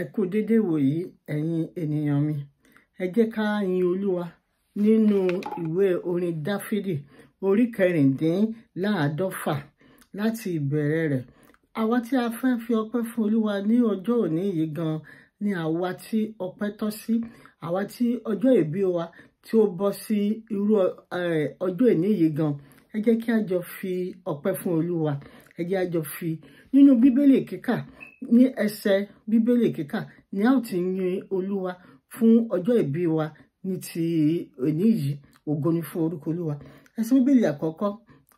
ẹ kú dédé wòyí ẹ̀yin ènìyàn mi ẹ jẹ́ ká yin olúwa nínú ìwé orin dáfídì orí kẹrìndínláàádọ́fà láti ìbẹ̀rẹ̀ rẹ̀ àwa tí a fẹ́ fi ọpẹ́ fún olúwa ní ọjọ́ òní yìí gan ni àwa tí ọpẹ́ tọ́ sí àwa tí ọjọ́ ìbí wa tí ó bọ́ sí irú ọjọ́ òní yìí gan ẹ jẹ́ kí a jọ fi ọpẹ́ fún olúwa ẹ jẹ́ a jọ fi nínú bíbélì kíkà ní ẹsẹ̀ bíbélì kíkà ni a ó ti yin olúwa fún ọjọ́ ìbí wa ní ti òní yìí ògo ni fún orúkọ olúwa ẹsẹ̀ bíbélì àkọ́kọ́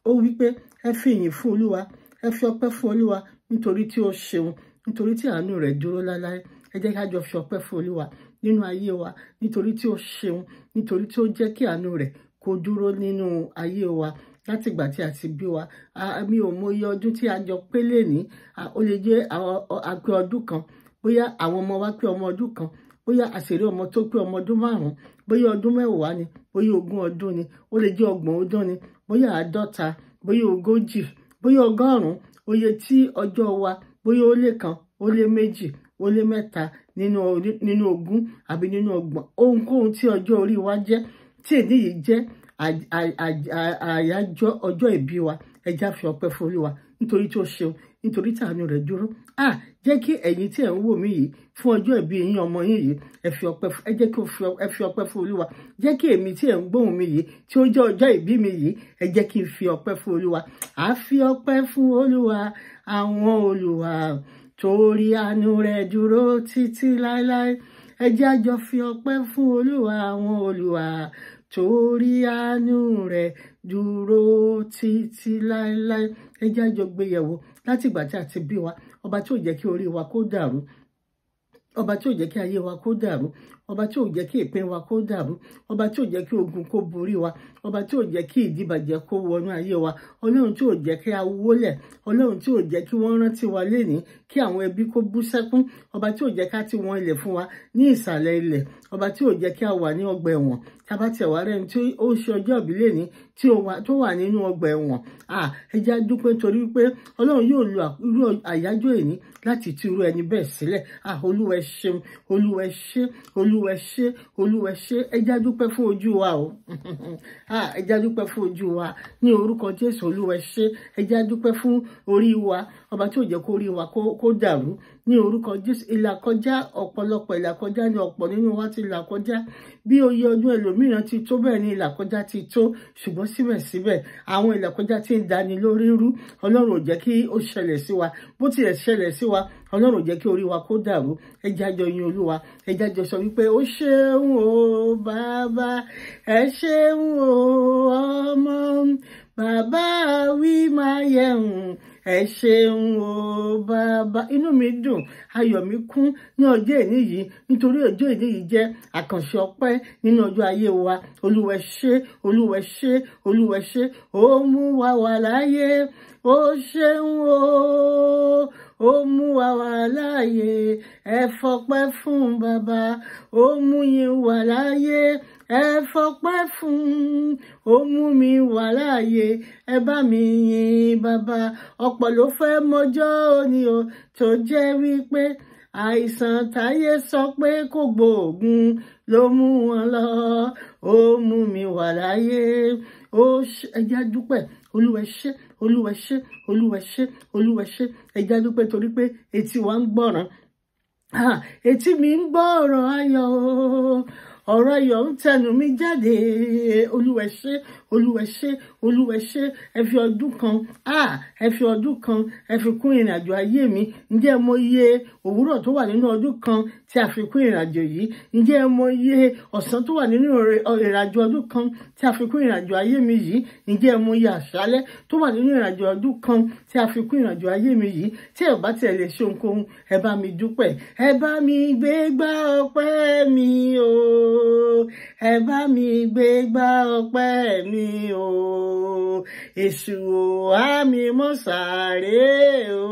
ó wí pé ẹ fi ìyìn fún olúwa ẹ fi ọpẹ́ fún olúwa nítorí tí ó ṣeun nítorí tí àánú rẹ̀ dúró láláí ẹ jẹ́ ká jọ fi ọpẹ́ fún olúwa nínú ayé wa nítorí tí ó ṣeun nítorí tí ó jẹ́ kí àánú rẹ̀ kó dúró nínú ayé wa látìgbà tí a ti bí wa mi ò mọ iye ọdún tí a jọ pé lẹ́ni ó lè jẹ́ àgbẹ̀ ọdún kan bóyá àwọn ọmọ wa pé ọmọ ọdún kan bóyá àṣírí ọmọ tó pé ọmọ ọdún márùn bóyá ọdún mẹ́wàá ni bóyá ogún ọdún ni ó lè jẹ́ ọgbọ̀n ọdún ni bóyá àádọ́ta bóyá ogójì bóyá ọgọ́rùn-ún oye tí ọjọ́ wa bóyá ó lé kan ó lé méjì ó lé mẹ́ta nínú ogún àbí nínú ọgbọ̀n ohunkóhun tí ọjọ́ orí wa jẹ́ tí èdè yìí jẹ́ àyájọ́ ọjọ́ ìbí wa ẹja fi ọpẹ́ fún Olúwa nítorí tó ṣeun nítorí tàánú rẹ̀ dúró à jẹ́ kí ẹ̀yin tí ẹ ń wò mí yìí fún ọjọ́ ìbí yín ọmọ yín yìí ẹ fi ọpẹ́ ẹ jẹ́ kí ẹ fi ọpẹ́ fún Olúwa jẹ́ kí èmi tí ẹ ń gbóhùn mi yìí tí ó jẹ́ ọjọ́ ìbí mi yìí ẹ jẹ́ kí n fi ọpẹ́ fún Olúwa à fi ọpẹ́ fún Olúwa àwọn Olúwa torí àánú rẹ̀ dúró títí láéláé ẹ jẹ́ àjọ fi ọpẹ́ fún Olúwa àwọn Olúwa torí àánú rẹ̀ dúró títí láéláé ẹ jẹ́ àjọ gbéyẹ̀wò láti ìgbà tí a ti bí wa ọba tí ò jẹ́ kí orí wa kó dàrú ọba tí ò jẹ́ kí ayé wa kó dàrú ọba tí ò jẹ́ kí ìpín wa kó dàrú ọba tí ò jẹ́ kí ogun kó borí wa ọba tí ò jẹ́ kí ìdíbàjẹ́ kó wọnú ayé wa ọlọ́run tí ò jẹ́ kí a wólẹ̀ ọlọ́run tí ò jẹ́ kí wọ́n rántí wa lénìí kí àwọn ẹbí kó bú sẹ́kún ọba tí ò jẹ́ ká ti wọn ilẹ̀ fún wa ní ìsàlẹ̀ ilẹ̀ ọba tí ò jẹ́ kí a wà ní ọgbà ẹ̀wọ̀n tabatẹ̀wárẹ́ni tí ó ṣe ọjọ́ ìbílẹ̀ ní tí ó wà nínú ọgbà ẹ̀wọ̀n ẹja dúpẹ́ nítorí wípé ọlọ́run yóò lo irú àyájọ́ èní láti tú irú ẹni bẹ́ẹ̀ sílẹ̀ olúwa ẹ ṣeun olúwa ẹ ṣé olúwa ẹ ṣé olúwa ẹ ṣé ẹja dúpẹ́ fún ojú wa o ẹja dúpẹ́ fún ojú wa ní orúkọ jésù olúwa ẹ ṣé ẹja dúpẹ́ fún orí wa ọba tí ò jẹ́ kó orí wa kó dàrú ní orúkọ Jésù ìlàkọjá ọ̀pọ̀lọpọ̀ ìlàkọjá ni ọ̀pọ̀ nínú wa ti làkọjá bí oyè ọdún ẹlòmíràn ti tó bẹ́ẹ̀ ni ìlàkọjá ti tó ṣùgbọ́n síbẹ̀síbẹ̀ àwọn ìlàkọjá ti ń dani lórí rú Ọlọ́run ò jẹ́ kí ó ṣẹlẹ̀ sí wa bó tilẹ̀ ṣẹlẹ̀ sí wa Ọlọ́run ò jẹ́ kí orí wa kó dàrú ẹjẹ́ àjọ yin Olúwa ẹjẹ́ àjọ sọ wípé ó ṣeun o bàbá ẹ ṣeun o ọmọ bàbá wí máa yẹun ẹ ṣeun o bàbá inú mi dùn ayọ̀ mi kún ní ọjọ́ èní yìí nítorí ọjọ́ èní yìí jẹ́ àkànṣe ọpẹ́ nínú ọjọ́ ayé wa olúwẹ ṣé olúwẹ ṣé olúwẹ ṣé ó mú wa wà láyé ó ṣeun o ó mú wa wà láàyè ẹ fọpẹ́ fún bàbá ó mú yín wà láàyè ẹ fọpẹ́ fún ó mú mi wà láàyè ẹ bá mi yìn bàbá ọ̀pọ̀ ló fẹ́ mọjọ́ òní o tó jẹ́ wípé àìsàn táyé sọ pé kò gbóògùn ló mú wọn lọ ó mú mi wà láàyè ó ẹjẹ́ àdúpẹ́ olúwa ṣé olúwa ṣé olúwa ṣé olúwa ṣé ẹjẹ́ àdúpẹ́ torí pé etí wa ń gbọ́ràn etí mi ń gbọ́ ọ̀rọ̀ ayọ̀ ọ̀rọ̀ ayọ̀ ń tẹnu mi jáde olúwa ṣé olúwa ṣé olúwa ṣé ẹ fi ọdún kan ah, ẹ fi ọdún kan ẹ fi kún ìrìn àjò ayé mi ǹjẹ́ mo yẹ òwúrọ̀ tó wà nínú ọdún kan tí a fi kún ìrìnàjò yìí ǹjẹ́ ẹ mọ iye ọ̀sán tó wà nínú ìrìnàjò ọdún kan tí a fi kún ìrìnàjò ayé mi yìí ǹjẹ́ ẹ mọ iye àṣálẹ́ tó wà nínú ìrìnàjò ọdún kan tí a fi kún ìrìnàjò ayé mi yìí tí ẹ bá tiẹ̀ lè ṣe ohunkóhun ẹ bá mi dúpẹ́ ẹ bá mi gbé gbá ọpẹ́ mi o ẹ bá mi gbé gbá ọpẹ́ mi mi o èṣù òhá mi mọ́ sàárè o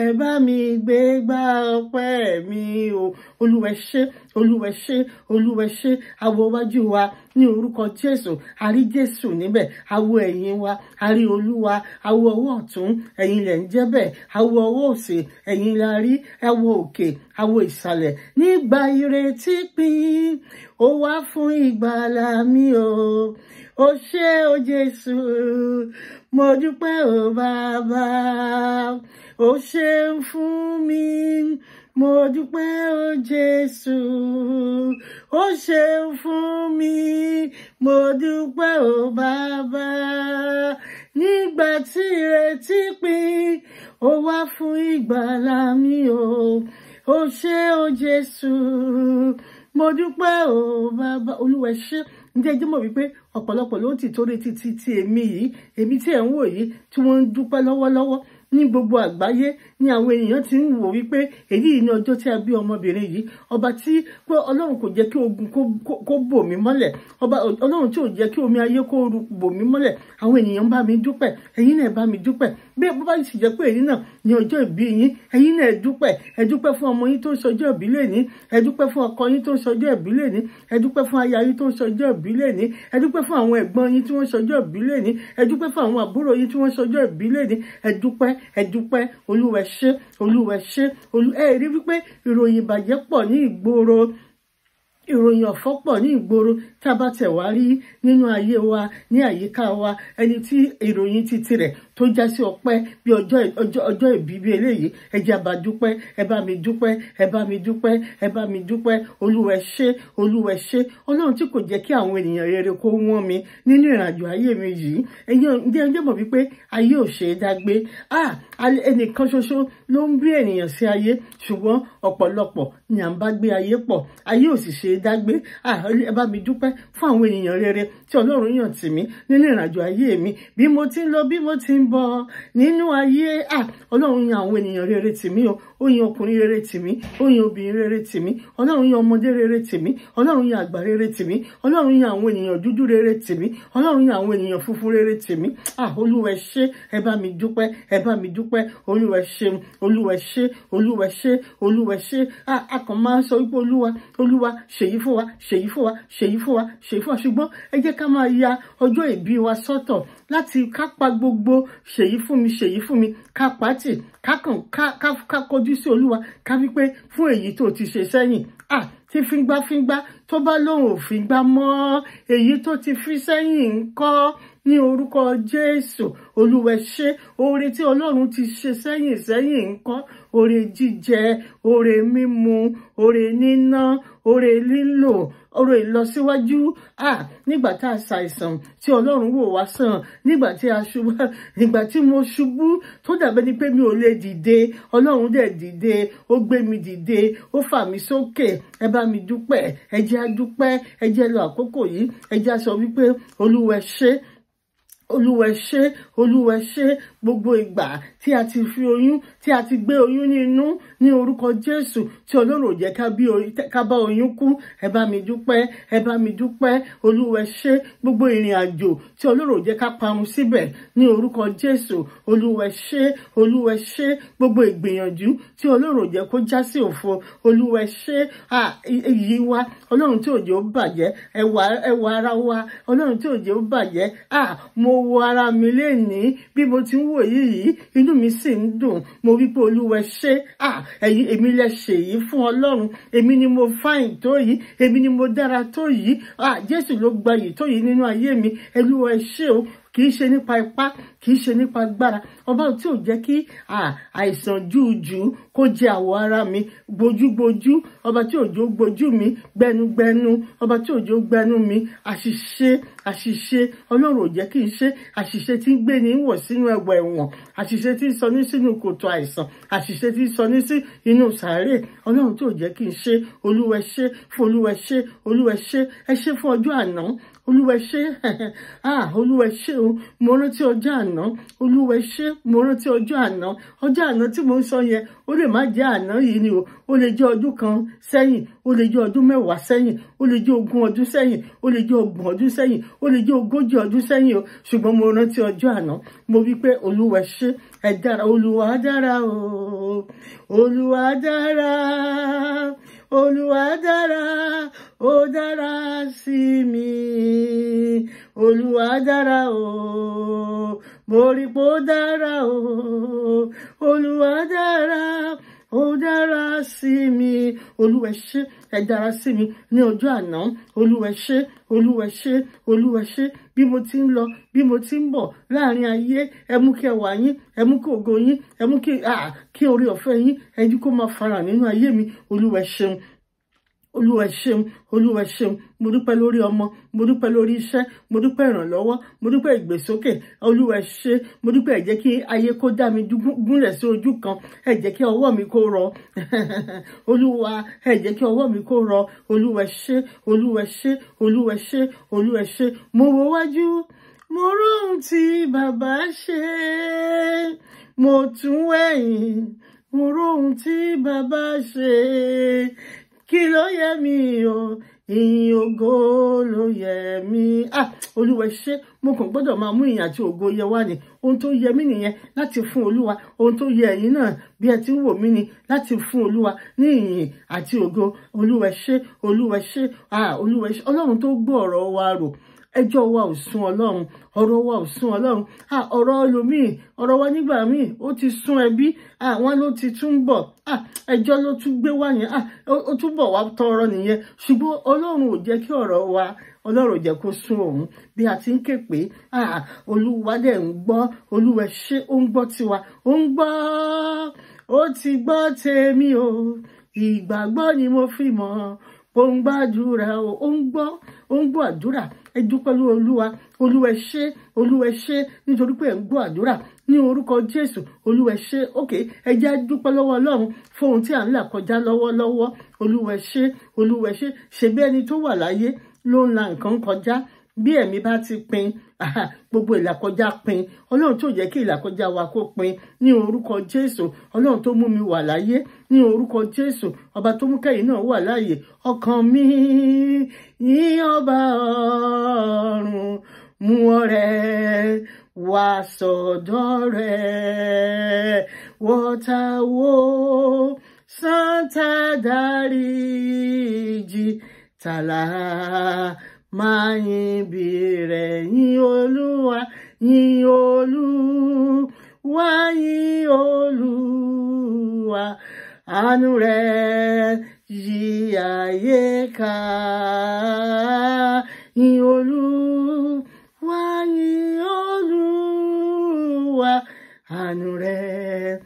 ẹ bá mi gbé gbá ọpẹ́ mi o olúwa ẹ ṣé olúwa ẹ ṣé olúwa ẹ ṣé awo iwájú wa ní orúkọ jésù àrí jésù níbẹ̀ awo ẹ̀yìn wa àrí olúwa awo ọwọ́ ọ̀tún ẹ̀yìn lẹ̀ ń jẹ́ bẹ́ẹ̀ awo ọwọ́ òsì ẹ̀yìn la rí awo òkè awo ìsàlẹ̀ nígbà ìrètí pín ó wá fún ìgbàlà mi o ó ṣé o jésù mo dúpẹ́ o bàbá ó ṣeun fún mi mo dúpẹ́ o jésù ó ṣeun fún mi mo dúpẹ́ o bàbá nígbà tí ìrètí pin ó wá fún ìgbàlà mi o ó ṣe o jésù mo dúpẹ́ o bàbá olúwa ṣe ǹjẹ́ jẹ́ mọ̀ wípé ọ̀pọ̀lọpọ̀ ló ti torí títí ti èmi yìí èmi tí ẹ̀ ń wò yìí tí wọ́n ń dúpẹ́ lọ́wọ́lọ́wọ́ ní gbogbo àgbáyé ni àwọn ènìyàn ti ń wò wípé èyí ni ọjọ́ tí a bí ọmọbìnrin yìí ọba tí pé ọlọ́run kò jẹ́ kí ogun kó bò mí mọ́lẹ̀ ọba ọlọ́run tí ò jẹ́ kí omi ayé kó bò mí mọ́lẹ̀ àwọn ènìyàn bá mi dúpẹ́ ẹ̀yin náà bá mi dúpẹ́ bí ẹ bá sì jẹ́ pé èyí náà ni ọjọ́ ìbí yín ẹ̀yin náà ẹ dúpẹ́ ẹ dúpẹ́ fún ọmọ yín tó ń sọjọ́ ìbí lẹ́ni ẹ dúpẹ́ fún ọkọ yín tó ń sọjọ́ ìbí lẹ́ni ẹ dúpẹ́ fún aya yín tó ń sọjọ́ ìbí lẹ́ni ẹ dúpẹ́ fún àwọn ẹ̀gbọ́n yín tí wọ́n sọjọ́ ìbí lẹ́ni ẹ dúpẹ́ fún àwọn àbúrò yín tí wọ́n sọjọ́ ìbí lẹ́ni ẹ dúpẹ́ ẹ dúpẹ́ olúwa ṣe olúwa ṣe olú ẹ rí wípé ìròyìn ìbàjẹ́ pọ̀ ní ìgboro ìròyìn ọ̀fọ̀ pọ̀ ní ìgboro tá a bá tẹ̀ wá rí nínú ayé wa ní àyíká wa ẹni tí ìròyìn ti tirẹ̀ tó já sí ọpẹ́ bí ọjọ́ ọjọ́ ìbí bí eléyìí ẹ jẹ́ bá dúpẹ́ ẹ bá mi dúpẹ́ ẹ bá mi dúpẹ́ ẹ bá mi dúpẹ́ olúwẹ ṣé olúwẹ ṣé ọlọ́run tí kò jẹ́ kí àwọn ènìyàn rere kó wọ́n mi nínú ìrìnàjò ayé mi yìí ẹ̀yìn ẹjẹ́ mọ̀ wípé ayé ò ṣe é dágbé ẹnìkan ṣoṣo ló ń bí ènìyàn sí ayé ṣùgbọ́n ọ̀pọ̀lọpọ̀ ni à ń bá gbé ayé pọ̀ ayé ò sì ṣe é dágbé ẹ bá mi dúpẹ́ fún àwọn ènìyàn rere tí ọlọ́run yàn tì mí nínú ìrìnàjò ayé mi bí mo ti ń lọ bí mo ti ń ń bọ̀ nínú ayé ọlọ́run yan àwọn ènìyàn rere tèmi o ó yan ọkùnrin rere tèmi ó yan obìnrin rere tèmi ọlọ́run yan ọmọdé rere tèmi ọlọ́run yan àgbà rere tèmi ọlọ́run yan àwọn ènìyàn dúdú rere tèmi ọlọ́run yan àwọn ènìyàn funfun rere tèmi olúwa ẹ ṣé ẹ bá mi dúpẹ́ ẹ bá mi dúpẹ́ olúwa ẹ ṣé olúwa ẹ ṣé olúwa ẹ ṣé olúwa kàn máa sọ wípé olúwa olúwa ṣèyí fún wa ṣèyí fún wa ṣèyí fún wa ṣèyí fún wa ṣùgbọ́n ẹ jẹ́ ká máa ya ọjọ́ ìbí wa sọ́tọ̀ láti kápá gbogbo ṣèyí fún mi ṣèyí fún mi ká pàtì ká kàn ká kọjú sí olúwa ká wí pé fún èyí tó ti ṣe sẹ́yìn ah ti fíngbáfíngbá tó bá lóun ò fíngbá mọ́ èyí tó ti fi sẹ́yìn ńkọ́ ní orúkọ jésù olúwẹ ṣe oore tí ọlọ́run ti ṣe sẹ́yìn sẹ́yìn ńkọ́ oore jíjẹ oore mímu oore níná oore lílò oore ìlọsíwájú à nígbà tá a ṣàìsàn tí ọlọ́run wò wá sàn nígbà tí a ṣubú nígbà tí mo ṣubú tó dàbẹ́ ni pé mi ò lè dìde ọlọ́run dẹ̀ dìde ó gbé mi dìde ó fà mí sókè ẹ bá mi dúpẹ́ ẹ jẹ́ a dúpẹ́ ẹ jẹ́ lọ àkókò yìí ẹ jẹ́ a sọ wípé olúwa ṣe olúwa ṣe olúwa ṣe gbogbo ìgbà tí a ti fi oyún tí a ti gbé oyún nínú ní orúkọ jésù tí ọlọ́run ò jẹ́ ká bá oyún kú ẹ bá mi dúpẹ́ ẹ bá mi dúpẹ́ olúwa ṣe gbogbo ìrìn àjò tí ọlọ́run ò jẹ́ ká parun síbẹ̀ ní orúkọ jésù olúwa ṣe olúwa ṣe gbogbo ìgbìyànjú tí ọlọ́run ò jẹ́ kó já sí òfo olúwa ṣe èyí wa ọlọ́run tí ò jẹ́ ó ẹwà ara wa ọlọ́run tí ò jẹ́ ó mo wo ara mi lénìí bí mo ti ń wò yìí inú mi sì ń dùn mo wí pé olúwa ṣé ẹ̀yin èmi lẹ ṣe yìí fún ọlọ́run èmi ni mo fáìn tó yìí èmi ni mo dára tó yìí jésù ló gbayì tó yìí nínú ayé mi olúwa ṣé o kì í ṣe nípa ipá kì í ṣe nípa agbára ọba tí ò jẹ́ kí àìsàn júùjù kó jẹ àwọ̀ ara mi gbojúgbojú ọba tí òjò gbojú mi gbẹnugbẹnu ọba tí òjò gbẹnu mi àṣìṣe àṣìṣe ọlọ́run ò jẹ́ kí n ṣe àṣìṣe tí ń gbé ni wọ̀ sínú ẹ̀wọ̀ ẹ̀wọ̀n àṣìṣe tí ń sọ ní sínú kòtò àìsàn àṣìṣe tí ń sọ sí inú sàárè ọlọ́run tí ò jẹ́ kí n ṣe olúwẹ fún olúwẹ ṣe ẹ ṣe fún ọjọ́ àná olúwa ṣé ah, olúwa ṣé o mo rántí ọjọ́ àná olúwa ṣé mo rántí ọjọ́ àná ọjọ́ àná tí mo ń sọ yẹn ó lè má jẹ́ àná yìí ni o ó lè jẹ́ ọdún kan sẹ́yìn ó lè jẹ́ ọdún mẹ́wàá sẹ́yìn ó lè jẹ́ ogún ọdún sẹ́yìn ó lè jẹ́ ọgbọ̀n ọdún sẹ́yìn ó lè jẹ́ ogójì ọdún sẹ́yìn o ṣùgbọ́n mo rántí ọjọ́ àná mo wí pé olúwa ṣé ẹ dára olúwa dára o olúwa dára olúwa dára ó dára sí mi olúwa dára o mo rí pé ó dára o olúwa dára ó dára sí mi olúwa ṣé ẹ dára sí mi ní ọjọ́ àná olúwa ṣé olúwa ṣé olúwa ṣé bí mo ti ń lọ bí mo ti ń bọ̀ láàrin ayé ẹ mú kí ẹwà yín ẹ mú kí ògo yín ẹ mú kí orí ọ̀fẹ́ yín ẹ jí kó máa fara nínú ayé mi olúwa ṣeun olúwa ṣeun olúwa ṣeun mo dúpẹ́ lórí ọmọ mo dúpẹ́ lórí iṣẹ́ mo dúpẹ́ ìrànlọ́wọ́ mo dúpẹ́ ìgbésókè olúwa ṣe mo dúpẹ́ ẹ jẹ́ kí ayé kó dá mi gúnlẹ̀ sí ojú kan ẹ kí ọwọ́ mi kó rọ olúwa ẹ kí ọwọ́ mi kó rọ olúwa ṣe olúwa ṣe olúwa ṣe olúwa ṣe mo wo wájú mo róhun tí bàbá ṣe mo tún wẹ̀yìn mo róhun tí bàbá ṣe kí ló yẹ mí o ìyìn ògo ló yẹ mí ah olúwa ṣé mo kàn gbọ́dọ̀ máa mú ìyìn àti ògo yẹ wá ni ohun tó yẹ mí nìyẹn láti fún olúwa ohun tó yẹ ẹ̀yin náà bí ẹ ti ń wò mí ni láti fún olúwa ní ìyìn àti ògo olúwa ṣé olúwa ṣé ah olúwa ṣé ọlọ́run tó gbọ́ ọ̀rọ̀ wa rò ẹjọ́ wa ò sún ọlọ́run ọ̀rọ̀ wa ò sún ọlọ́run ọ̀rọ̀ ẹlòmíì ọ̀rọ̀ wa nígbà míì ó ti sún ẹbí wọn ló ti tún bọ̀ ẹjọ́ ló tún gbé wá yẹn ó tún bọ̀ wá tọrọ nìyẹn ṣùgbọ́n ọlọ́run ò jẹ́ kí ọ̀rọ̀ wa ọlọ́run jẹ́ kó sún òun bí a ti ń ké pé olúwa dẹ̀ ń gbọ́ olúwa ṣé ó ń gbọ́ tiwa ó ń gbọ́ ó ti gbọ́ tèmi o ìgbàgbọ́ ni mo fi mọ̀ ó ń gbàdúrà o ó ń gbọ́ àdúrà ẹ dúpẹ́ lórí olúwa olúwa ẹ ṣé olúwa ẹ ṣé nítorí pé ẹ ń gbọ́ àdúrà ní orúkọ jésù olúwa ẹ ṣé òkè ẹ jẹ́ á dúpẹ́ lọ́wọ́ ọlọ́run fún ohun tí à ń là kọjá lọ́wọ́lọ́wọ́ olúwa ẹ ṣé olúwa ẹ ṣé ṣèbí ẹni tó wà láyé ló ń la nǹkan kọjá bí ẹ̀mí bá ti pin gbogbo ìlàkọjá pin ọlọ́run tó jẹ́ kí ìlàkọjá wa kó pin ní orúkọ jésù ọlọ́run tó mú mi wà láyé ní orúkọ jésù ọba tó mú kẹ́yìn náà wà láàyè ọkàn mi yìn ọba ọ̀run mú ọrẹ wá sọ́dọ̀ rẹ̀ wọtawó santa Dariji tàlà máa yin bí rẹ̀ yin olúwa yin olúwa yin olúwa àánú rẹ̀ yí ayé ká yin olúwa yin olúwa àánú rẹ̀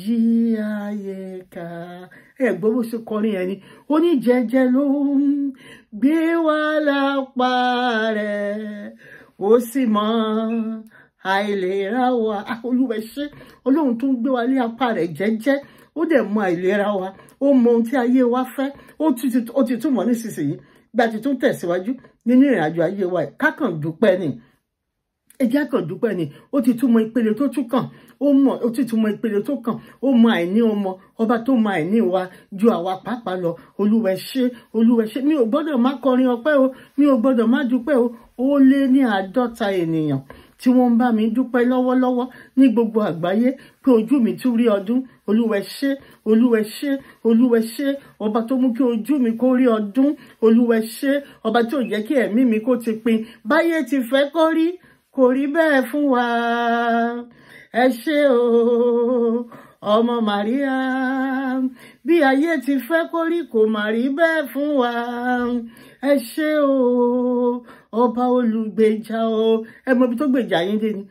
yí ayé ká ẹ̀gbọ́n bó ṣe kọrin ẹni oníjẹjẹ ló ń gbé wá lápá rẹ̀ ó sì mọ àìlera wa ah, olúwa ṣe ọlọ́run tó ń gbé wa lé apá rẹ̀ jẹ́jẹ́ ó dẹ̀ mọ àìlera wa ó mọ ohun tí ayé wa fẹ́ ó ti túmọ̀ nísinsìnyí bí a ti tún tẹ̀síwájú nínú ìrìnàjò ayé wa kákàn dúpẹ́ nìyí ẹjẹ́ àkàndúpẹ́ ni ó ti túmọ̀ ìpele tó tún kàn ó mọ̀ ó ti túmọ̀ ìpele tó kàn ó mọ àìní ọmọ ọba tó mọ àìní wa ju àwa pàápàá lọ olúwẹ ṣé olúwẹ ṣé mi ò gbọ́dọ̀ má kọrin ọpẹ́ o mi ò gbọ́dọ̀ má dúpẹ́ o ó lé ní àádọ́ta ènìyàn tí wọ́n ń bá mi dúpẹ́ lọ́wọ́lọ́wọ́ ní gbogbo àgbáyé pé ojú mi tún rí ọdún olúwẹ ṣé olúwẹ ọba tó mú kí ojú mi kó rí ọdún olúwẹ ṣé ọba tó jẹ́ kí ẹ̀mí mi kó ti pin báyé ti fẹ́ kó rí kò rí bẹ́ẹ̀ fún wa ẹ ṣé o ọmọ Màríà bí ayé ti fẹ́ kó rí kò mà rí bẹ́ẹ̀ fún wa ẹ ṣé o ọba olùgbèjà o ẹ mọ ibi tó gbèjà yín dé ni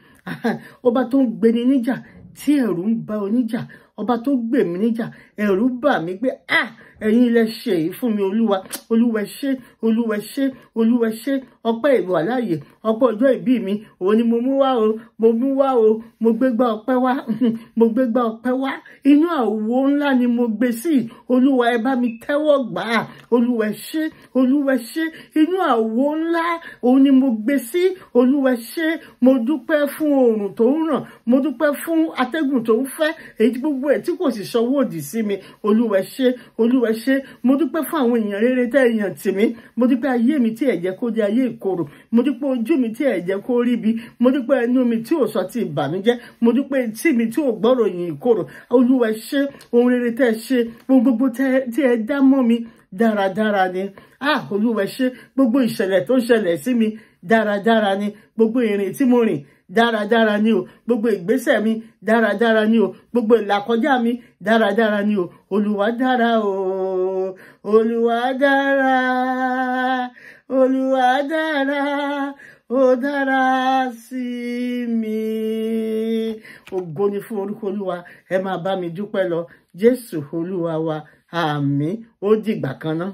ọba tó ń gbeni níjà tí ẹ̀rù ń ba oníjà ọba tó gbè mí níjà ẹ̀rù bà mí pé ah ẹ̀yin ilẹ̀ ṣe èyí fún mi olúwa olúwa ṣe olúwa ṣe olúwa ṣe ọpẹ́ ìwà ìbí mi òun ni mo mú wá o mo mú wá o mo gbé gbá ọpẹ́ wá mo gbé gbá ọpẹ́ wá inú àwo ńlá ni mo gbé sí olúwa ẹ bá mi tẹ́wọ́ gbà á olúwa ṣe olúwa ṣe inú àwo ńlá òun ni mo gbé sí olúwa mo dúpẹ́ fún oòrùn tó ń ràn mo dúpẹ́ fún atẹ́gùn tó ń fẹ́ èyí gbogbo ẹ̀ tí kò sì sọwọ́ òdì sí mi olúwa ṣé olúwa ṣé mo dúpẹ́ fún àwọn èèyàn rere tẹ́ èèyàn tì mo dúpẹ́ ayé mi tí ẹ jẹ́ kó di ayé ìkorò mo dúpẹ́ ojú mi tí ẹ jẹ́ kó rí bi mo dúpẹ́ ẹnu mi tí ò sọ ti ìbànújẹ́ mo dúpẹ́ etí mi tí ò gbọ́rọ̀ yìn ìkorò olúwa ṣé ohun rere tẹ́ ṣe ohun gbogbo tí ẹ dá mọ́ mi dáradára ni ah olúwa ṣe gbogbo ìṣẹ̀lẹ̀ tó ń ṣẹlẹ̀ sí mi dáradára ni gbogbo ìrìn tí mo rìn dáradára ni o gbogbo ìgbésẹ̀ mi dáradára ni o gbogbo ìlàkọjá mi dáradára ni o olúwa dára o olúwa dára olúwa dára o dára sí mi ògo ni fún orúkọ olúwa ẹ máa bá mi dúpẹ́ lọ jésù olúwa wa àmì ó dìgbà kan náà.